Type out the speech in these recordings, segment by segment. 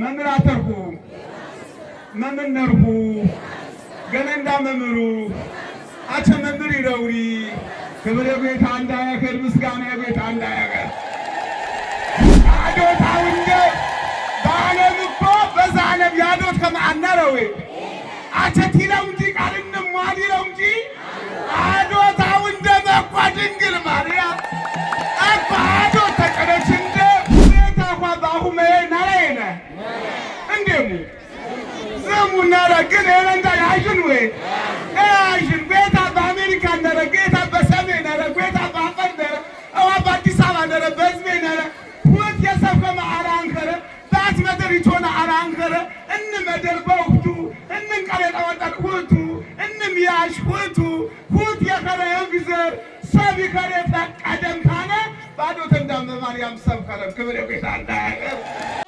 መምር መምነርሁ ገነንዳ መምህሩ አቸ መምህር ይደውሪ ክብር ቤት አንዳ ያከል ምስጋና ቤት አንዳ ያከል አዶታ ውንደ በዓለም እኮ በዛ ዓለም ያዶት ከማአነረዌ አቸት ይለው እንጂ ቃል እንሟል ይለው እንጂ አዶታ ውንደ መኳ ድንግል ማርያም ቡናራ ግን ኤረንዳ ያሽን ወይ ያሽን ጌታ በአሜሪካ ነረ፣ ጌታ በሰሜን ነረ፣ ጌታ በአፈር ነረ፣ እዋ በአዲስ አበባ ነረ፣ በህዝቤ ነረ ሁት የሰብከመ አራንከረ ዳስ መደሪቶነ አራንከረ እን በውቱ እንን ሁቱ እንም ሁቱ ሁት የከረ የግዘር ሰብ ይከረ ፈቀደም ካነ ባዶት እንዳመ ማርያም ሰብ ከረም ክብር የጌታ እንዳያቀር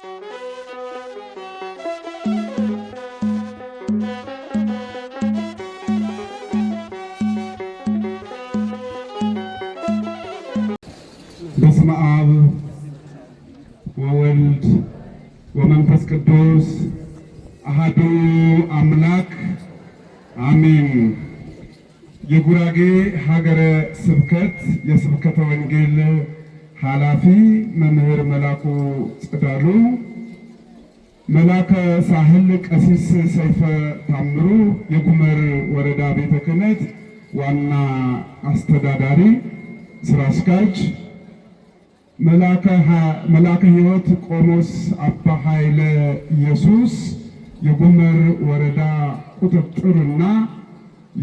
መላከ ሳህል ቀሲስ ሰይፈ ታምሩ የጉመር ወረዳ ቤተ ክህነት ዋና አስተዳዳሪ ስራ አስኪያጅ፣ መላከ ሕይወት ቆሞስ አባ ኃይለ ኢየሱስ የጉመር ወረዳ ቁጥጥርና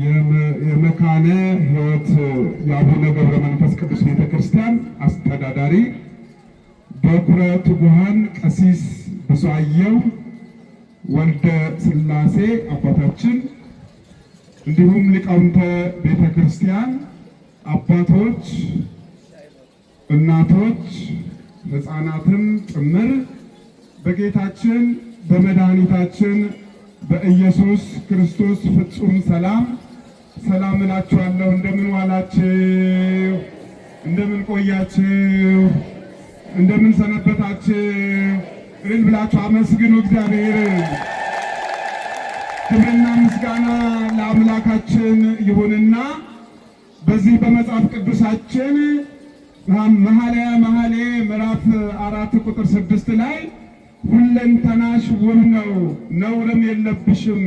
የመካነ ሕይወት የአቡነ ገብረ መንፈስ ቅዱስ ቤተ ክርስቲያን አስተዳዳሪ፣ በኩረ ትጉሃን ቀሲስ ብፁዕ ወልደ ስላሴ አባታችን እንዲሁም ሊቃውንተ ቤተ ክርስቲያን አባቶች፣ እናቶች፣ ሕፃናትም ጭምር በጌታችን በመድኃኒታችን በኢየሱስ ክርስቶስ ፍጹም ሰላም ሰላም እላችኋለሁ። እንደምን ዋላችሁ? እንደምን ቆያችሁ? እንደምን ሰነበታችሁ? እልል ብላችሁ አመስግኑ እግዚአብሔር። ክብርና ምስጋና ለአምላካችን ይሁንና በዚህ በመጽሐፍ ቅዱሳችን መኃልየ መኃልይ ምዕራፍ አራት ቁጥር ስድስት ላይ ሁለንተናሽ ውብ ነው ነውርም የለብሽም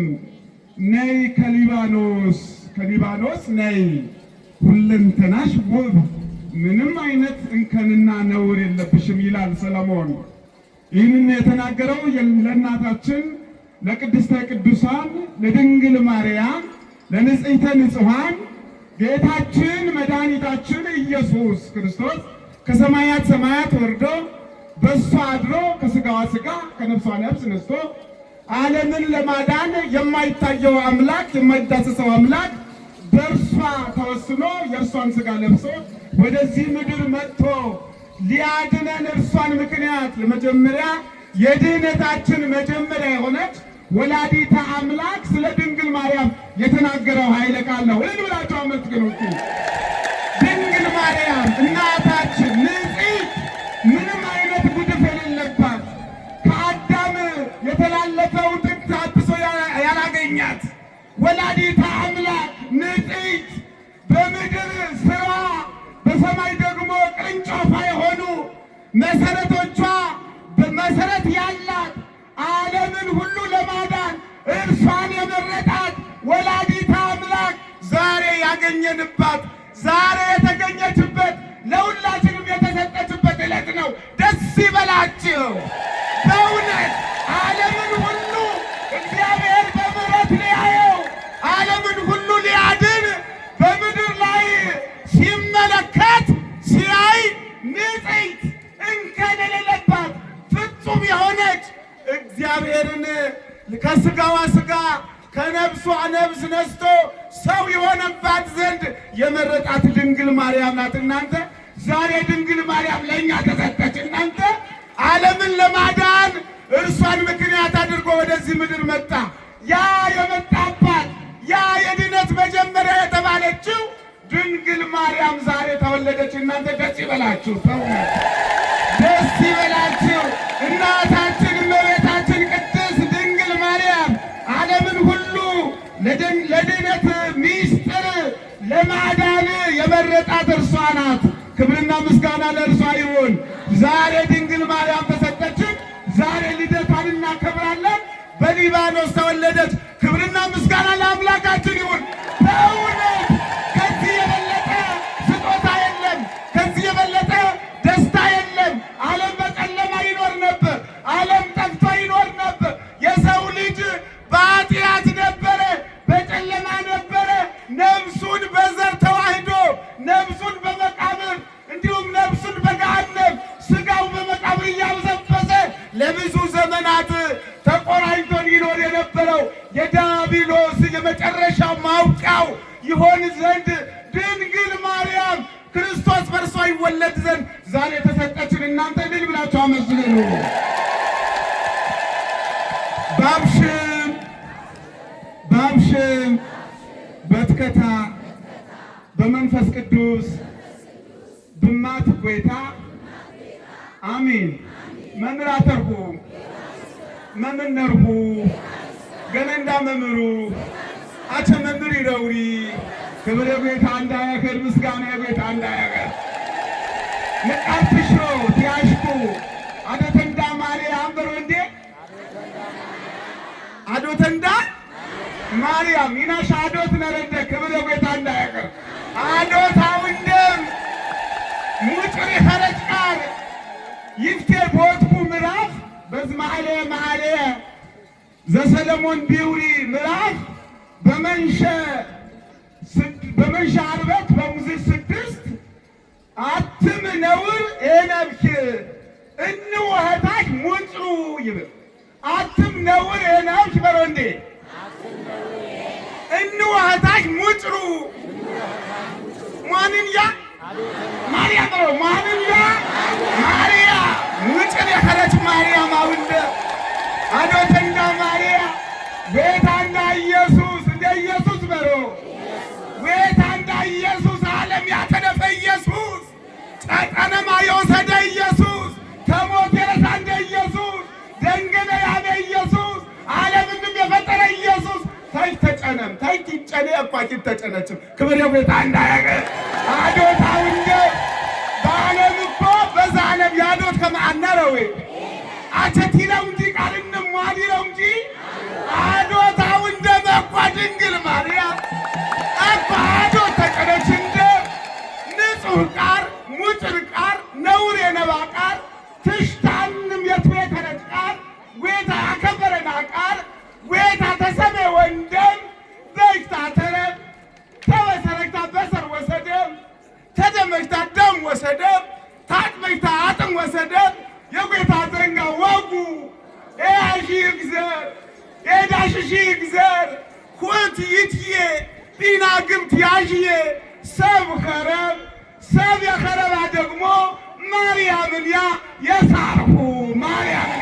ነይ ከሊባኖስ ከሊባኖስ ነይ ሁለንተናሽ ውብ ምንም አይነት እንከንና ነውር የለብሽም ይላል ሰለሞን። ይህንን የተናገረው ለእናታችን ለቅድስተ ቅዱሳን ለድንግል ማርያም ለንጽሕተ ንጹሐን ጌታችን መድኃኒታችን ኢየሱስ ክርስቶስ ከሰማያት ሰማያት ወርዶ በእሷ አድሮ ከሥጋዋ ሥጋ ከነፍሷ ነፍስ ነስቶ ዓለምን ለማዳን የማይታየው አምላክ የማይዳሰሰው አምላክ በእርሷ ተወስኖ የእርሷን ሥጋ ለብሶ ወደዚህ ምድር መጥቶ ሊያድነን እርሷን ምክንያት ለመጀመሪያ የድህነታችን መጀመሪያ የሆነች ወላዲተ አምላክ ስለ ድንግል ማርያም የተናገረው ኃይለ ቃል ነው። ወይን ብላቸው አመስግኖች ድንግል ማርያም እናታችን ንጽሕት፣ ምንም አይነት ጉድፍ የሌለባት ከአዳም የተላለፈው ጥንት ታድሶ ያላገኛት ወላዲተ አምላክ ንጽሕት በምድር ስራ በሰማይ ደግሞ ቅርንጫፋ የሆኑ መሰረቶቿ መሰረት ያላት ዓለምን ሁሉ ለማዳን እርሷን የመረጣት ወላዲታ አምላክ ዛሬ ያገኘንባት ዛሬ የተገኘችበት ለሁላችንም የተሰጠችበት ዕለት ነው። ደስ ይበላችሁ በእውነት ፍጹም የሆነች እግዚአብሔርን ከስጋዋ ስጋ ከነብሷ ነብስ ነስቶ ሰው የሆነባት ዘንድ የመረጣት ድንግል ማርያም ናት። እናንተ ዛሬ ድንግል ማርያም ለእኛ ተሰጠች። እናንተ ዓለምን ለማዳን እርሷን ምክንያት አድርጎ ወደዚህ ምድር መጣ። ያ የመጣባት ያ የድነት መጀመሪያ የተባለችው ድንግል ማርያም ዛሬ ተወለደች። እናንተ ደስ ይበላችሁ፣ ሰው ደስ ይበ የመጣት እርሷ ናት። ክብርና ምስጋና ለእርሷ ይሁን። ዛሬ ድንግል ማርያም ተሰጠችን። ዛሬ ልደቷን እናከብራለን። በሊባኖስ ተወለደች። ክብርና ምስጋና ለአምላካችን ይሁን። ነብሱን በመቃብር እንዲሁም ነብሱን በገሃነም ስጋው በመቃብር እያበሰበሰ ለብዙ ዘመናት ተቆራኝቶን ይኖር የነበረው የዳቢሎስ የመጨረሻ ማውቂያው ይሆን ዘንድ ድንግል ማርያም ክርስቶስ በእርሷ ይወለድ ዘንድ ዛሬ የተሰጠችን እናንተ ድል ብላችሁ አመስግኑ። ባብሽም ባብሽም በትከታ በመንፈስ ቅዱስ ብማት ጌታ አሚን። መምህር አተርኩ መምነርኩ ገነንዳ መምሩ አቸ መምር ይደውሪ ክብረ ቤት አንዳያከር ምስጋና ቤት አንዳያከር ንቃትሾ ቲያሽኩ አዶተንዳ ማሌ አንበሮ እንዴ አዶተንዳ ማርያም ይናሻ አዶት ነረደ ክብረ ቤት አንዳያከር አዶታውንደም ሙጭሪ ኸረጭ ቃር ይፍቴ ቦትኩ ምዕራፍ በዝማዕለ መዓልየ ዘሰለሞን ቢውሪ ምዕራፍ በመንሸ በመንሸ አርበት በሙዝ ስድስት አትም ነውር ኤነብኪ እንወህታች ሙንጽሩ ይብል አትም ነውር ኤነብኪ በሮንዴ እንወህታች ሙንጽሩ ማንያ ማርያም ነው። ማንያ ማርያ ውጭን የከረች ማርያም አውንደ አዶተኛ ማርያ ቤታና ኢየሱስ እንደ ኢየሱስ ቀኔ አኳቂት ተጨነችም ክብር ቤት አንዳያገ አዶት አውንጀ በአለም እኮ በዛ አለም ያዶት ከማአነረዌ አቸቲለው እንጂ ቃልንም ማዲለው እንጂ አዶት በኳ ድንግል ማርያም እኳ አዶት ተጨነች እንደ ንጹሕ ቃር ሙጭር ቃር ነውር የነባ ቃር ትሽታንም የትቤተረች ቃር ዌታ አከበረና ቃር ዌታ ተሰሜ ወንደ ተመጅታ ተረብ ተበሰረግታ በሰር ወሰደብ ተደመጅታ ደም ወሰደብ ታጥመጅታ አጥም ወሰደብ የጎታ ዘንጋ ወጉ ኤያሺ ይግዘር ኤዳሽሺ ይግዘር ኩት ይትዬ ቢና ግምት ያሽዬ ሰብ ኸረብ ሰብ የኸረባ ደግሞ ማርያምን ያ የሳርሁ ማርያም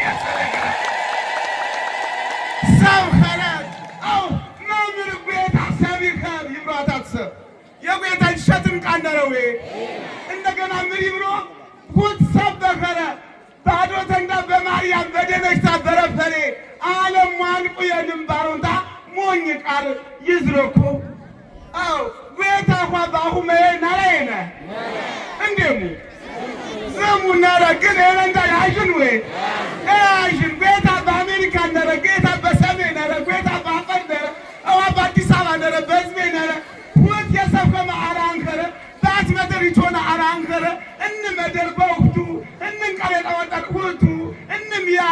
ቤተን ሸትም ቃነረዌ እንደገና ምን ይብሎ ሁት ሰበፈረ ባዶ ተንዳ በማርያም በደነች ታበረፈሬ አለም ዋንቁ የድንባሩንታ ሞኝ ቃል ይዝረኩ አው ጌታ ኳ ባሁ መየ ናራየነ እንዴሙ ዘሙ ናራ ግን ኤረንዳ ያሽን ወይ ያሽን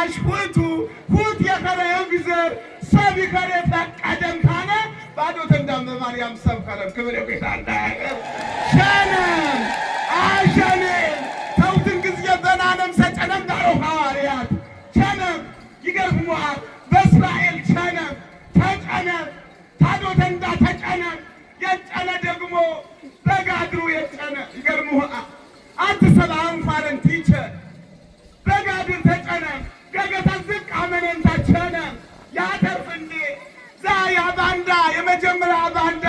አሽ ሁቱ ሁት የከረየው ጊዜ ሰብ ይከረ ፈቀደም ካነ ባዶት እንዳም በማርያም ሰብ ከለም ክብር ጌታ ሸነም አሸኔም ተውትን ጊዜ በናነም ሰጨነም ዳሮ ሐዋርያት ሸነም ይገርሙሃል። በእስራኤል ሸነም ተጨነ ታዶት እንዳ ተጨነ የጨነ ደግሞ በጋድሩ የጨነ ይገርሙሃል። አንት ሰብአን ፋረን በጋድር ተጨነ ገገተዝቅ አመኔንታቸነ ያተርፍኒ ዛያ ባንዳ የመጀመሪያ ባንዳ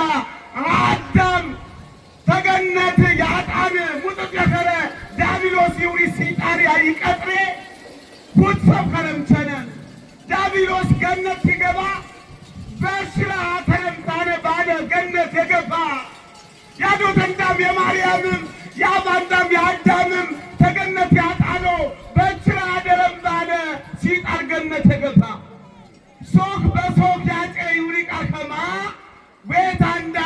አዳም ተገነት የአጣን ሙጥጥ የተረ ዳቢሎስ ይውሪ ሲጣን ያይቀጥሬ ጉድ ሰብ ከረምቸነ ዳቢሎስ ገነት ሲገባ በሽራ ተረምታነ ባለ ገነት የገባ ያዶተንዳም የማርያምም የአባንዳም የአዳምም ተገነት ያጣ ገነት የገባ ሱክ በሱክ ያጨ ይውሪቃ ከማ ቤታንዳ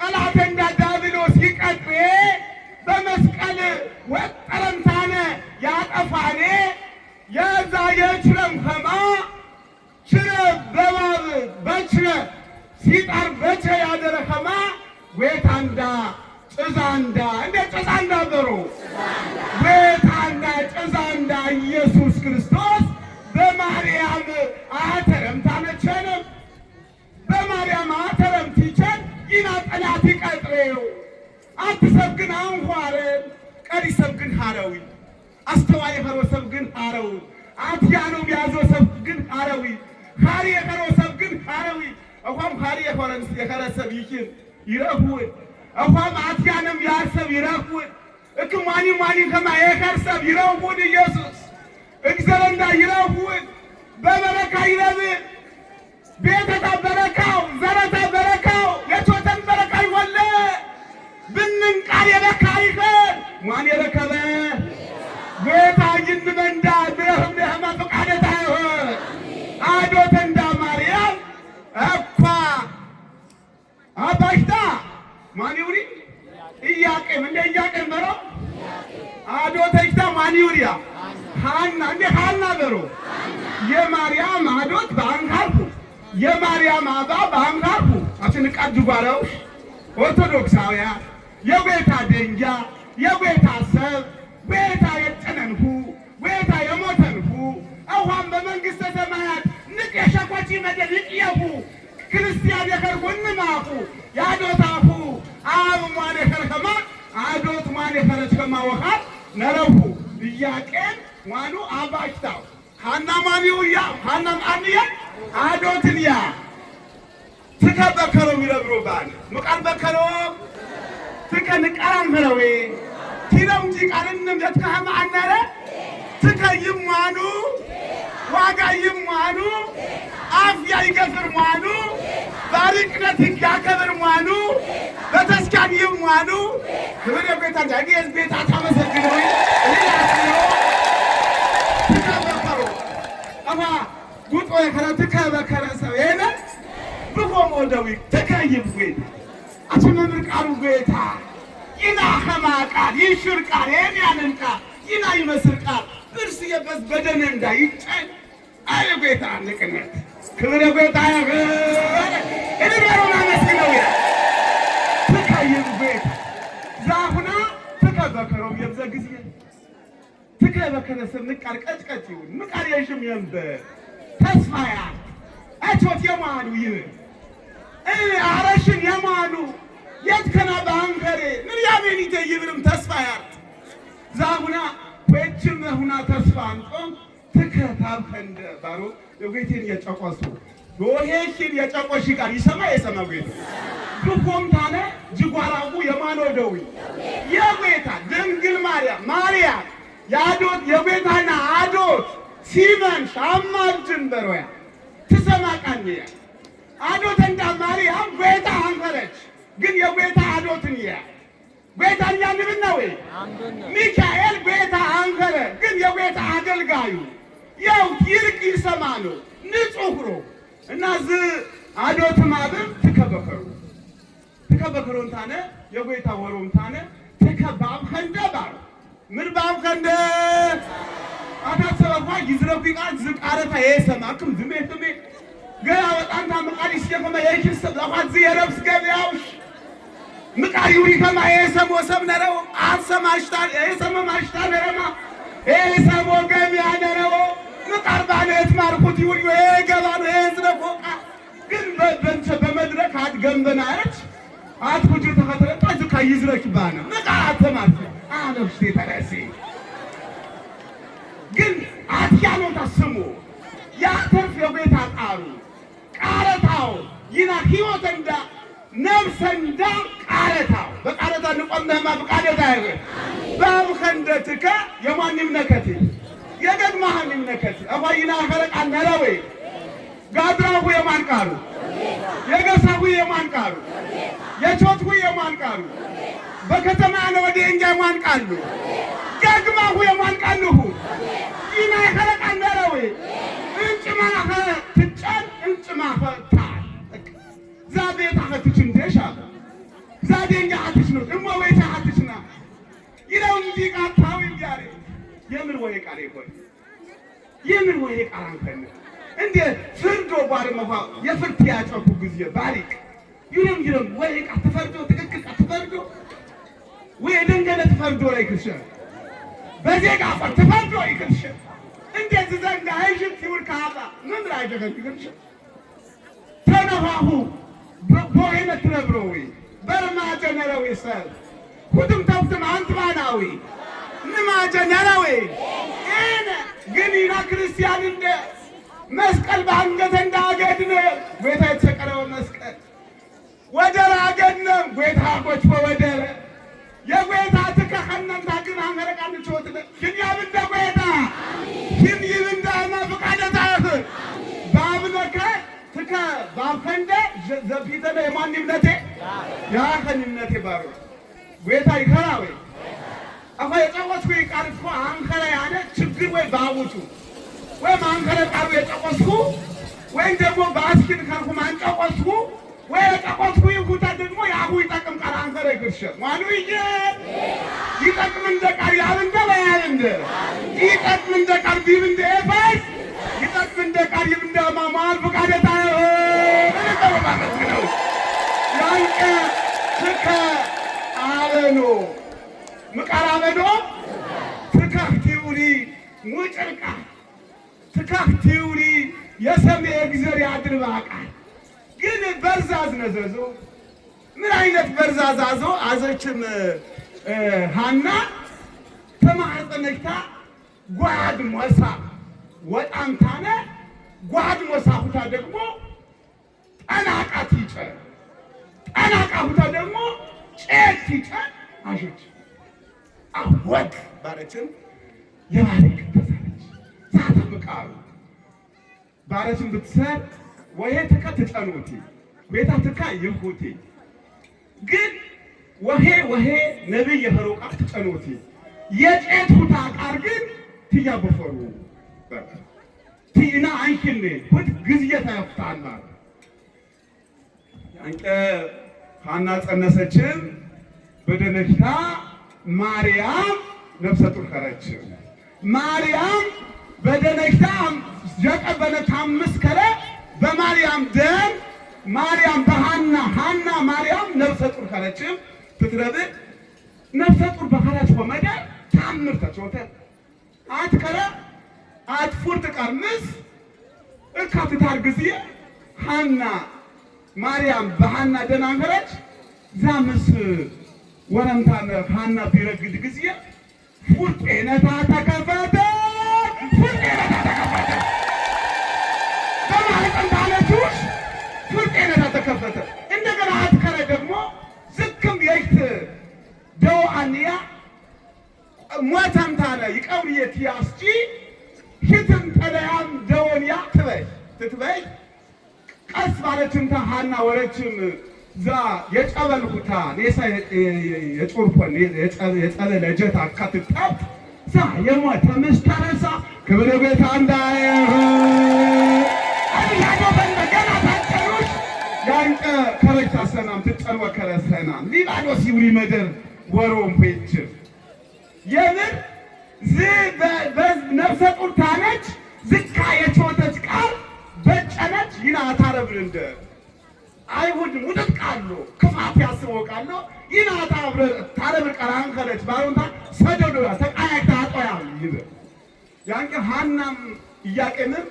ጠላተንዳ ዳብሎስ ይቀጥዌ በመስቀል ወጠረምታነ ያጠፋኔ የዛ የችረም ከማ ችረ በባብ በችረ ሲጣር በቸ ያደረ ከማ ቤታንዳ ጭዛንዳ እንደ ጭዛንዳ በሮ ቤታንዳ ጭዛ ኢና ጠላት ይቀጥሬው አትሰብግን አንኳረን ቀሪ ሰብግን ሀረዊ አስተዋይ የኸሮ ሰብግን ሀረዊ አትያኖም ያዞ ሰብግን ሀረዊ ኻሪ የኸሮ ሰብግን ሀረዊ እኳም ኻሪ የኸረ ሰብ ይችን ይረኽውን እኳም አትያኖም ያር ሰብ እክ ማኒ ማኒ ከማ የኸር ሰብ ይረኽውን ኢየሱስ እግዘረንዳ ይረኽውን በበረካ ይረብ ቤተታ በረካው ዘረታ በረካው እንቃል የበካሪኸን ማን የረከበ ጌታ ይንመንዳ ብረህም ለህማ ፈቃደታ ይሆን አዶት እንዳ ማርያም እኳ አባሽታ ማን ይውሪ ኢያቄም እንደ ኢያቄም በሮ አዶተሽታ ማን ይውሪያ ሃና እንደ ሃና በሮ የማርያም አዶት በአንካርኩ የማርያም አባ በአንካርኩ አትንቃዱ ባለው ኦርቶዶክሳውያን የጌታ ደንጃ የጌታ ሰብ ጌታ የጨነንኩ ጌታ የሞተንኩ አሁን በመንግሥተ ሰማያት ንቅ የሸኮቺ መደር ይቅየፉ ክርስቲያን የከርኩ እንማፉ ያዶታፉ አብ ሟን የከርከማ አዶት ሟን የከረችከማ ወኻት ነረፉ እያቄን ሟኑ አባጅታው ሃና ማኒው ያ ሃናም አንያ አዶትን ያ ትከበከረው ይረብሮባል ምቃን በከረው ትከን ቀራንፈረዌ ቲለውጂ ቃልንም ደትካሃማ አናረ ትከይም ሟኑ ዋጋይም ሟኑ አፍ ያይገፍር ሟኑ ባሪቅነት ያከብር ሟኑ በተስካንይም ሟኑ ክብር ቤታ ዳግየዝ ቤታ ታመሰግነው ይላስነው ትከበከሩ አማ ጉጦ የከረ ትከበከረ ሰው የነ ብቆም ወደዊ ትከይም ቤታ አትመምር ቃሉ ጌታ ኢና ኸማቃል ይሽር ቃል የሚያንን ቃል ኢና ይመስል ቃል እርስ የበዝ በደነ እንዳይጨን አይ ጌታ ንቅነት ክብረ ጌታ ያገር እንገሩና መስለው ያ ትከይም ጌታ ዛሁና ትከበከረው የብዘ ጊዜ ትከበከረ ሰብ ንቃር ቀጭቀጭ ይሁን ንቃር የሽም የንበር ተስፋያ አቾት የማሉ ይህ አረሽን የማሉ የትከና በአንከሬ ምርያሜን ይተይብርም ተስፋ ያርት ዛሁና ወችም ሁና ተስፋ አንጾም ትከታብ ከንደ ባሮ የጌቴን የጨቆሱ ዶሄሽን የጨቆሽ ቃል ይሰማ የሰማ ጌት ብኮም ታነ ጅጓራቡ የማኖደዊ የጌታ ድንግል ማርያም ማርያም የአዶት የጌታና አዶት ሲመን ሻማር ድንበሮያ ትሰማ ቃንያ አዶት እንዳ ማርያም ጌታ አንከረች ግን የጌታ አዶትን ያ ጌታ እያንብና ወይ ሚካኤል ጌታ አንከረ ግን የጌታ አገልጋዩ ያው ይልቅ ይሰማ ነው ንጹህ ነው እና ዝ አዶት ማብር ትከበከሩ ትከበከሩ እንታነ የጌታ ወሮ እንታነ ተከባብ ከንደባር ምንባብ ከንደ አታሰበኳ ይዝረኩ ቃል ዝቃረታ የሰማክም ዝሜ ዝሜ ገና በጣም ታምቃል ይስየፈመ የኪስ ለኳት ዝ የረብስ ምቃዩኒ ከማየሰቦ ሰብ ነረው አሰማሽታል አሰማሽታ የሰመማሽታ ነረማ የሰቦ ገሚያ ነረው ምቃርባነት ማርኩት ይሁን የገባ ነው የዝነቆቃ ግን በበንቸ በመድረክ አትገንበናች አትኩጂ ተፈተለጣ ዝካ ይዝረክ ባና ምቃተማት አነፍስ ተረሴ ግን አትያኖታ ስሙ ያተርፍ የቤት አጣሩ ቃረታው ይና ህይወት እንዳ ነፍስ እንዳ በቃለታ በቃለታ ንቆምህማ ብቃለታ ይ በብኸንደትከ የማን ይምነከት የገድማህን ይምነከት አባይና ፈረቃ ነለወይ ጋድራሁ የማን ቃሉ የገሳሁ የማን ቃሉ የቾትሁ የማን ቃሉ በከተማ ነ ወደ እንጃ የማን ቃሉ ደግማሁ የማን ቃልሁ ይና ፈረቃ ነለወይ እንጭማኸ ትጫን እንጭማኸ ታል ዛቤታኸ ትችንደሻ ዛደኛ አትሽ ነው እሞ ወይታ አትሽና ይለው እንጂ ቃታው ይያሬ የምን ወይ ቃል ይቆይ የምን ወይ ቃል አንተን እንዴ ፍርዶ ባሪ መፋ የፍርድ ያጨቁ ጊዜ ባሪቅ ይለም ይለም ወይ ቃ ተፈርዶ ትክክል ተፈርዶ ወይ ደንገለ ተፈርዶ ላይ ክሽ በዜጋ ፈር ተፈርዶ ይክሽ እንዴት ዘንጋ አይሽት ይውል ካጣ ምን ላይ ደገ ይክሽ ተነፋሁ ቦይ መትረብሮ ወይ በርማ ጀነረዊ ሰብ ሁትምተውትም አንትማናዊ ንማ ጀነረዊ ኢነ ግኒና ክርስቲያን እንደ መስቀል በአንገተ እንዳገድነ ጌታ የተሰቀለው መስቀል ወደረ አገድነም ጌታ ቆች ወደረ የጌታ ትከኸነም ታግና መረቃን ችወትለ ክንያብ ጌታ ክንይብ እንደ ማ ፍቃደታፍ ትከ ባፈንደ ዘፊተለ የማን ይብነቴ የዋከኝነት ባሮች ጌታ ይከራ ወይ አኳ የጨወስኩ ቃርኩ አንከረ ያለ ችግር ወይ ባቡቱ ወይም አንከረ ቃሩ የጨወስኩ ወይም ደግሞ በአስኪን ከርኩ ማንጨወስኩ ወይ የጨወስኩ ይሁታ ደግሞ የአሁ ይጠቅም ቃር አንከረ ግርሸ ዋኑ ይየ ይጠቅም እንደ ቃር ያብንደ በያብንደ ይጠቅም እንደ ቃር ቢብንደ ኤፋስ ይጠቅም እንደ ቃር ይብንደ ማማር ፍቃደታ ነው ትከ አበኖ ምቃር አበኖ ትከፍቲውኒ ሙጭርቃ ትከፍቲውኒ የሰሜ እግዚአብሔር ያድርባቃ ግን በርዛዝ ነዘዞ ምን አይነት በርዛዝ አዞ አዘችም ሃና ተማዕፀነችታ ጓድ ሞሳ ወጣም ጓድ ሞሳ ሁታ ደግሞ ጠናቃት ይጨ ጠላቃሁታ ደግሞ ጨት ይጫን አሸች አወቅ ባረችን የባህል ቅደሳለች ባረችን ብትሰር ወየ ተቀ ትጨኑቲ ቤታ ትካ ይሁቲ ግን ወሄ ወሄ ነቢይ የኸሮቃ ትጨኑቲ የጨት ሁታ ቃር ግን ትያ ቲና አንኪኔ ሁት ግዝየታ ያፍታላ አንቀ ሐና ጸነሰችም፣ በደነግታ ማርያም ነፍሰ ጡር ከረች። ማርያም በደነግታ የቀበለት አምስት ከረ በማርያም ደም ማርያም በሐና ሐና ማርያም ነፍሰ ጡር ከረችም ትትረብእ ነፍሰ ጡር በከረች በመዳር ታምር ተቾተ አትከረ አትፉር ትቀርምስ እካትታር ጊዜ ሐና ማርያም በሃና ደናገረች ዛምስ ወረምታነ ሃና ቢረግድ ጊዜ ፉርጤነታ ተከፈተ ፉርጤነታ ተከፈተ በማለት እንዳለች ፉርጤነታ ተከፈተ። እንደገና አትከረ ደግሞ ዝክም የይት ደው አንያ ሞተምታነ ይቀውርየት ያስጪ ሽትም ጠለያም ደወንያ ትበይ ትትበይ ቀስ ባለችምታ ሃና ወረችም ዛ የጨበል ኔሳ የጮርኮን የጸለ ለጀት አካትታት ዛ የሟ ምስተረሳ ክብር ቤት አንዳየ አብያዶ በንደገና ታጨሩሽ ያንቀ ከረጅታ ሰናም ትጨልወ ከረሰናም መደር ወሮም ዝ ነፍሰ ዝካ የቾተች ቃል በጨነት ይናታረ ብርንደ አይሁድ ሙጥጥ ቃሉ ክፋት ያስወቃሉ ይናታ ብረ ታረብር ቀራን ከለች ባሩንታ ሰደዶ ተቃያታ አጦያ ይብ ያንቀ ሃናም እያቄንም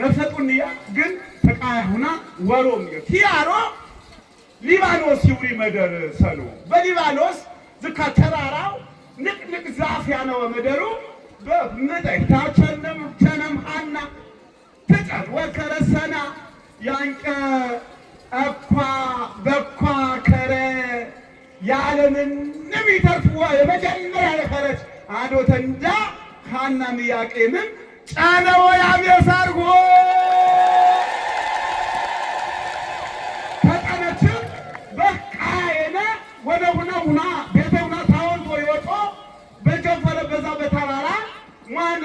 ነፍሰጡን ያ ግን ተቃያ ሁና ወሮም ኪያሮ ሊባኖስ ይውሪ መደር ሰሉ በሊባኖስ ዝካ ተራራው ንቅንቅ ዛፍ ያነወ መደሩ በመጣ ታቸነም ተነም ሃና ትጨት ወከረሰና ያንቀ እኳ በኳ ከረ ያለምንም ይተርፍዋ የመጀመሪያ የከረች አዶተንዳ ሐናም ኢያቄምን ጫነወ ያብየሳርጎ ተጠነችው በቃየነ ወደ ሁነ ሁና ቤተ ሁና ታወልቶ ይወጦ በጀፈረ በዛ በተራራ ማን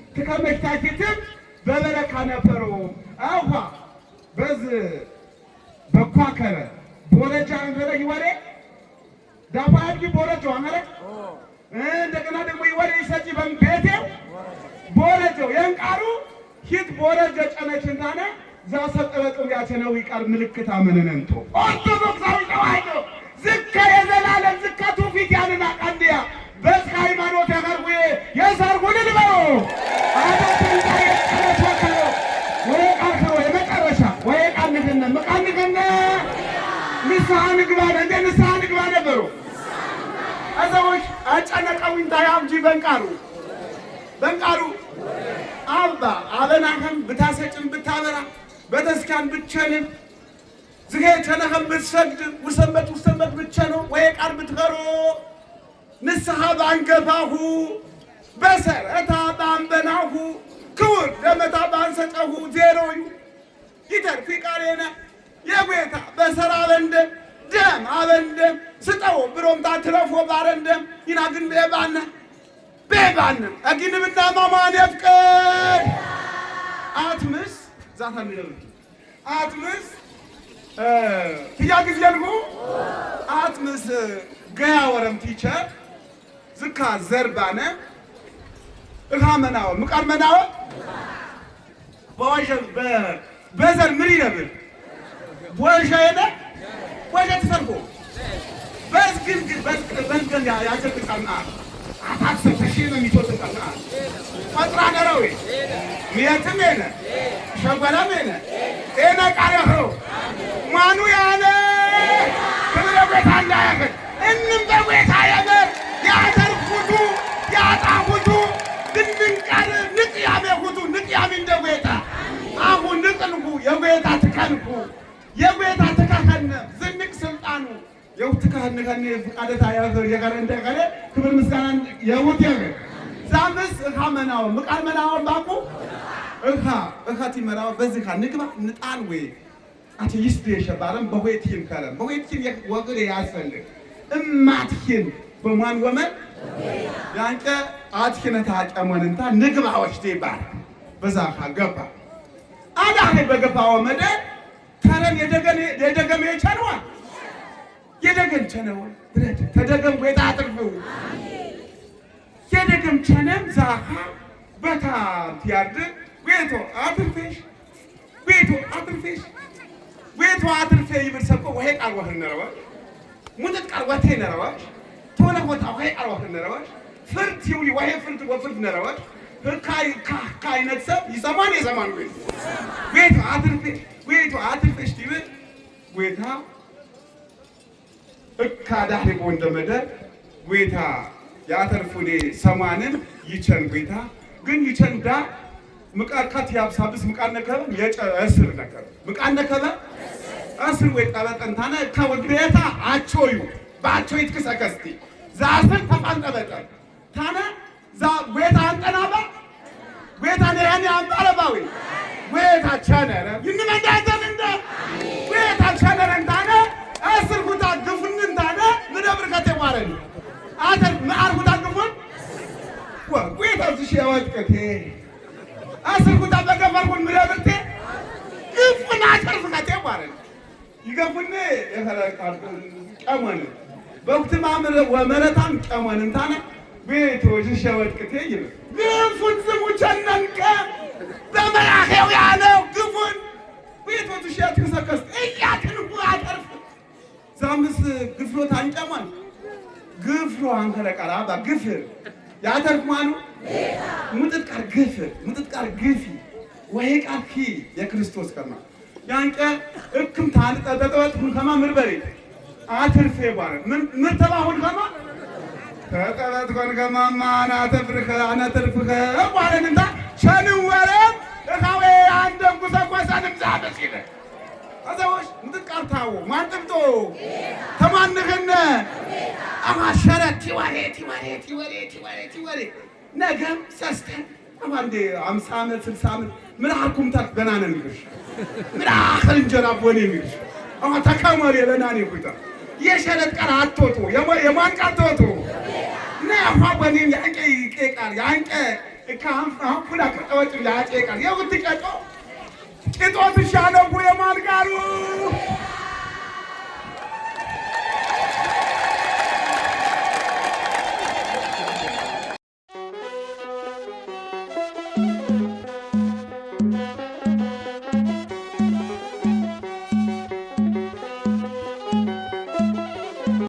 ትቀመጭታችትም በበረካ ነበሩ አዋ በዝ በኳከረ ቦረጃ ንዘረ ይወሬ ዳፋ ቦረጆ አመረ እንደገና ደግሞ ይወሬ ይሰጪ በምቤቴው ቦረጆው የንቃሩ ሂት ቦረጆ ጨነች እንዳነ ዛሰጠበቅም ያቸነው ይቃር ምልክት አመነነንቶ ኦርቶዶክሳዊ ተዋሕዶ ዝከ የዘላለም ዝከቱ ፊት ያንን አቃንድያ በዚህ ሃይማኖት ያፈርጉ የሰርጉ ልልበሩ የመጨረሻ ወይ ቃል በንቃሩ በንቃሩ አባ አበናህም ብታሰጭም ብታበራ በተስካን ብቸንም ዝሄ ተነኸም ብትሰግድ ውሰንበት ውሰንበት ብቸ ወይ ቃል ብትበሮ ንስሐ ባንገባሁ በሰረታ ባንበናሁ ክቡር ለመታ ባንሰጠሁ ዜሮዩ ይተርፊ ቃሬነ የጌታ በሰራ በንደም ደም አበንደም ስጠው ብሮምታ ትረፎ ባረንደም ይናግን ቤባነ ቤባነ አጊንምና ማማን የፍቅር አትምስ ዛታ አትምስ ትያ ጊዜ አትምስ ገያ ወረም ቲቸር ዝካ ዘርባነ እካመናወ ምቃርመናወ በወሸብ በዘር ምን ይነብል ወሸ የለ ወሸ ተሰርጎ በዝግዝግ በዝገን ያቸር ቅጻምና አታክስ ተሺ ነው የሚቶት ቅጻምና ፈጥራ ነረዌ ምየትም የለ ሸጓላም የለ ኤነ ቃል ያኸው ማኑ ያለ ክብረ ቤታ እንዳያክል እንም በቤታ የጎየታ ትካንኩ የጎየታ ትካኸነ ዝንቅ ስልጣኑ የውት ትካኸነ ፍቃደታ ያዘር የጋረ እንደገለ ክብር ምስጋና የውት የገ ዛምስ እኻ መናው ምቃል መናው ባቁ እኻ እኻ ቲመራው በዚህ ካ ንግባ ንጣን ወይ አቲ ይስት የሸባለም በሆይቲም ከለም በሆይቲም ወግር ያስፈልግ እማትኪን በማን ወመን ያንቀ አትኪነታ ጨመንንታ ንግባ ወሽቴ ይባል በዛ ካ ገባ አዳነ በገባው መደር ተረን የደገን የደገም የቸነዋ የደገም ቸነው ብረት ተደገም ወጣ አጥርፈው የደገም ቸነም ዛሃ በታም ያርድ ወይቶ አጥርፈሽ ወይቶ አጥርፈሽ ወይቶ አጥርፈ ይብር ሰቆ ወይ ቃል ወህ ነረዋ ሙጥት ቃል ወቴ ነረዋ ቶለ ወታ ወይ ቃል ወህ ነረዋ ፍርት ይውሊ ወይ ፍርት ወፍርት ነረዋ ከአይነት ሰብ ይሰማል የሰማን ቤቱ አትርፌ ቤቱ አትርፌሽ ዲብል ጎይታ እካ ዳህሪቦ እንደመደር ጎይታ የአተርፉኔ ሰማንን ይቸን ጎይታ ግን ይቸን ዳ ምቃርካት ያብሳብስ ምቃር ነከበ የጨ እስር ነከበ ምቃር ነከበ እስር ወይ ጠበጠንታነ እካ ወግቤታ አቾዩ ባቾ ይትክሰከስቲ ዛስር ተፋንጠበጠ ታነ ዌታ አንጠናባ ዌታ ነያን አንባለባዊ ዌታ ቸነረ ይንመንዳተን እንደ ዌታ ቸነረ እንታነ እስር ጉታ ግፉን እንታነ ምደብር ከተማረን አተር መአር ጉታ ግፉን ዌታ ዝሽያዋት ከቴ እስር ጉታ በገፈርኩን ምደብርቴ ግፉን አተርፍ ከተማረን ይገፉን የፈለቃቁ ቀመን በኩትማ ወመረታም ቀመን እንታነ ቤቶች ሸወጥቅቴ ይል ግፉን ስሙ ቸነንቀ በመራኼው ያለው ግፉን ቤቶች ሸትክሰከስ እያትንቡ አጠርፍ ዛምስ ግፍሎ ታንጨሟን ግፍሎ አንከለቀራ ባ ግፍር ያተርፍ ማኑ ምጥጥ ግፍር ምጥጥ ግፊ ወይ ቃር የክርስቶስ ከማ ያንቀ እክም ታንጠጠጠወጥ ሁን ከማ ምርበሬ አትርፌ ባረ ምርተባ ሁን ከማ ተቀበት ኮንከማማ አናተፍርከ አነተርፍከ ዋለንታ ሸንወረ እታዌ አንደን ጉሰጓሳንም ዛበስ ይለ ምትቃርታው ማንጥብጦ ተማንክነ አማሸረት ወሬት ወሬት ወሬት ወሬት ወሬ ነገም ሰስተን አንዴ አምሳ ዓመት ስልሳ ዓመት ምን አልኩምታት ገና ነን ይልሽ ምን አክል እንጀራ ቦኔ የሚልሽ አማ ተከመሪ ለናኔ ጉይታ የሸረት ቀራ አትወጡ የማን ቃል አፋ በኔን ያንቀ ይቄቃል ያንቀ እካሁን አቅጠወጭ ያቄቃል የውትቀጦ ቅጦ ትሻለቡ የማልጋሩ